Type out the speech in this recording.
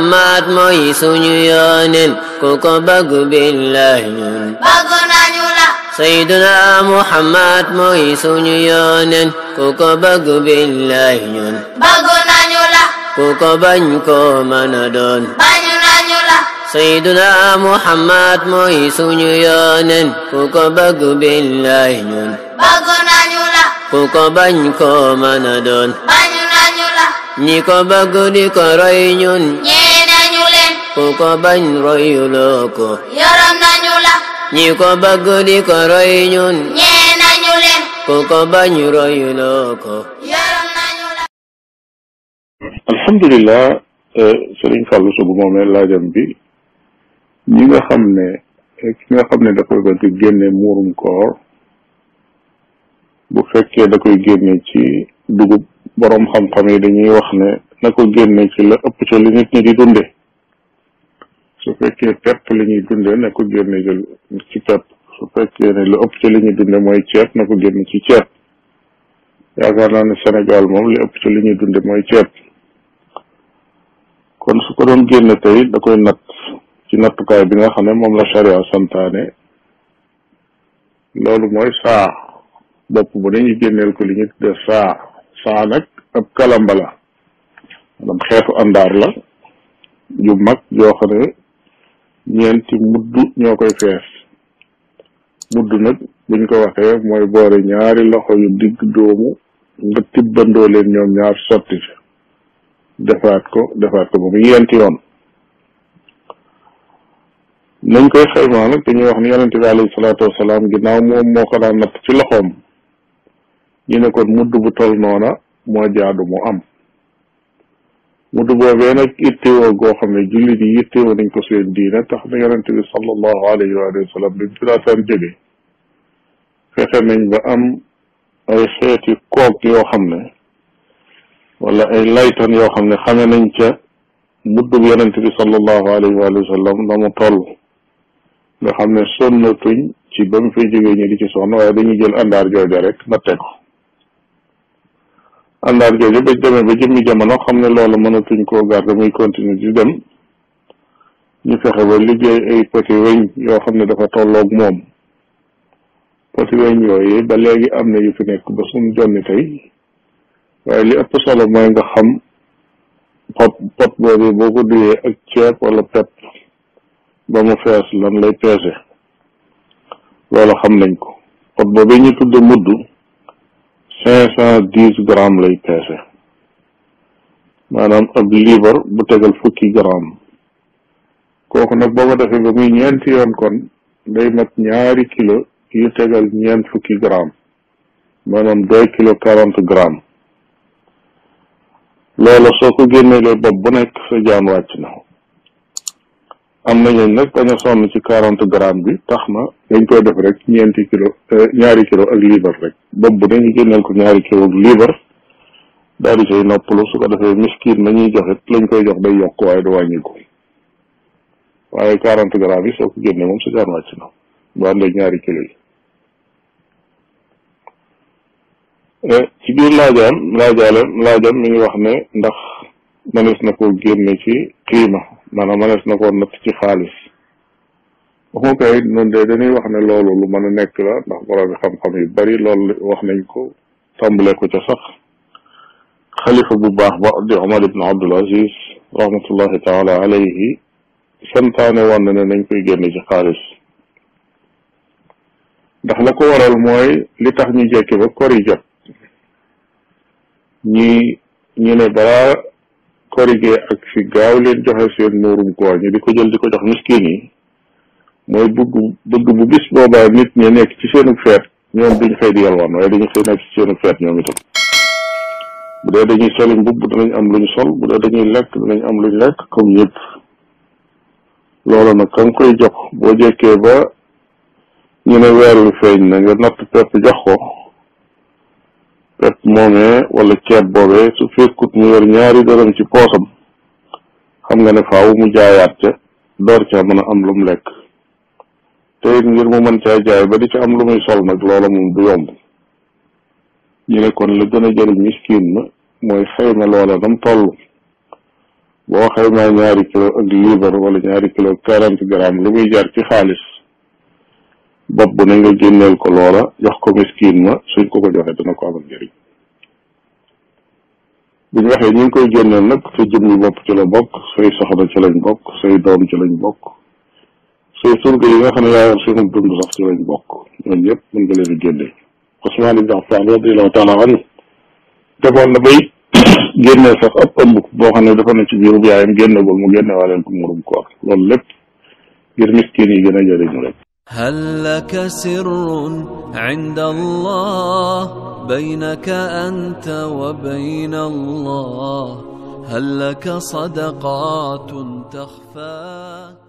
Muhammad moyi sunyuyonin koko bagu billahinin bagu nanyula Sayyiduna Muhammad moyi sunyuyonin koko bagu billahinin bagu nanyula koko banko manadon banyu nanyula Sayyiduna Muhammad moyi sunyuyonin koko bagu billahinin bagu nanyula koko banko manadon banyu nanyula Niko bagu niko roinyun yeah. ku ko bañ royuloo ko yorom nañu la ñi ko bëgg di ko roy ñun ñee nañu leen ku ko bañ royuloo ko yorom nañu la alhamdulilah euh, sëriñ Fallou Sow bu moomee laajam bi ñi nga xam ne nga xam ne da koy bëgg génne muurum koor bu fekkee da koy génne ci dugub boroom xam-xam yi dañuy wax ne na ko génne ci la ëpp ca nit ñi di dunde su fekkee pepp li ñuy dundee na ko génne jël ci pepp su fekkee ne lu ëpp ci li ñuy dundee mooy ceeb na ko génne ci ceeb yaakaar naa ne Sénégal moom li ëpp ci li ñuy dundee mooy ceeb kon su ko doon génne tey da koy natt ci nattukaay bi nga xam ne moom la charia santaane loolu mooy saa bopp bu dañuy génneel ko li ñu tuddee saa saa nag ab kalamba la maanaam xeetu àndaar la yu mag joo xam ne ñeenti mudd ñoo koy fees mudd nag buñ ko waxee mooy boore ñaari loxo yu digg doomu nga tibbandoo leen ñoom ñaar sotti defaat ko defaat ko ba mu ñeenti yoon nañ koy xaymaa nag dañuy wax ni yonente bi alayhi salaatu wasalaam ginnaaw moom moo ko daan natt ci loxoom ñu ne kon mudd bu tol noona moo jaadu mu am mutu boobee nag ittewoo goo xam ne jullit yi ittewoo nañ ko seen diina tax na yonente bi sallallahu alayhi wa sallam bi mu fi daataan fexe nañ ba am ay xeeti koog yoo xam ne wala ay laytan yoo xam ne xame nañ ca muddub yonente bi sallallahu alayhi wa sallam na mu toll nga xam ne sonnatuñ ci ba mu fay jógee ñu di ci sonn waaye dañuy jël àndaar jooja rek natte ko àndaar jooju ba demee ba jëmmi jamono xam ne loolu mënatuñ koo garder muy continuer di dem ñu fexe ba liggéey ay poti weñ yoo xam ne dafa tolloog moom poti weñ yooyu ba léegi am na yu fi nekk ba suñ jonni tey waaye li ëpp solo mooy nga xam pot pot boobu boo ko duyee ak ceeb wala pepp ba mu fees lan lay peese loolu xam nañ ko pot boobu ñu tudd mudd cinq cent dix grammes lay peese maanaam ab liibar bu tegal fukki gramme kooku nag boo ko defee ba muy ñeenti yoon kon day mat ñaari kilo yu tegal ñeent fukki gramme maanaam deux kilo quarante grammes loola soo ko génneelee bopp bu nekk sa jaan wàcc na am na ñooñ nag bañ a sonn ci quarante grammes bi tax na dañ koy def rek ñeenti kilo euh, ñaari kilo ak liibar rek bopp bu dañu génneel ko ñaari kilo ak liibar daal di say noppalu su ko defee miskiin ma ñuy joxit lañ koy jox day yokk waaye du wàññi ko waaye quarante grammes yi soo ko génne moom sa jaan wàcc na bu àndee ñaari kilo yi euh, ci biir laajaan laajaale laajam mi ngi wax ne ndax mënees na koo génne ci xiima mana manees na koo natt ci xaalis waxuma ko it noonu de dañuy wax ne loolu lu mën a nekk la ndax borom xam-xam yu bari loolu wax nañ ko tàmbalee ko ca sax xalifa bu baax ba di Omar ibn Abdul Aziz rahmatullahi taala alayhi santaane woon na ne nañ koy génne ci xaalis ndax la ko waral mooy li tax ñu jekki ba kori jot ñi ñu ne balaa korige ak si gaaw leen joxe seen muurum koor ñu di ko jël di ko jox miskin yi mooy bëgg bu bis boobaa nit ñi nekk ci seenu feet ñoom duñ xëy di yalwaan waaye dañu xëy nekk ci seenu feet ñoom itam bu dee dañuy soli mbubb danañ am luñ sol bu dee dañuy lekk danañ am luñ lekk comme ñëpp loolu nag ka koy jox boo jekkee ba ñu ne weer wi feeñ na nga natt pepp jox ko pep moomee wala ceeb boobee su fekkut mu yor ñaari dërëm ci poosam xam nga ne faaw mu jaayaat ca door caa mën a am lu mu lekk te it ngir mu mën caa jaay ba di ca am lu muy sol nag loola moom du yomb ñu ne kon la gën a jëriñ miskin ma mooy xayma loola nam toll boo xaymaa ñaari kilo ak liibar wala ñaari kilo quarante gramme lu muy jar ci xaalis bopp bu ne nga génneel ko loola jox ko miskiin ma suñ ko ko joxee dana ko amal njëriñ bu waxee ñu ngi koy génneel nag sa jëmmi bopp ci la bokk say soxna ci lañ bokk say doom ci lañ bokk say surga yi nga xam ne yaa yor seen dund sax ci lañ bokk ñooñu yëpp mën nga leen a génnee Usmaan ibn Affaan radiyallaahu taala anhu na bay génnee sax ab ëmb boo xam ne dafa ne ci biirub yaayam génneegul mu génne waaleel ko murum koor loolu lépp ngir miskiin yi gën a jëriñu rek هل لك سر عند الله بينك أنت وبين الله هل لك صدقات تخفى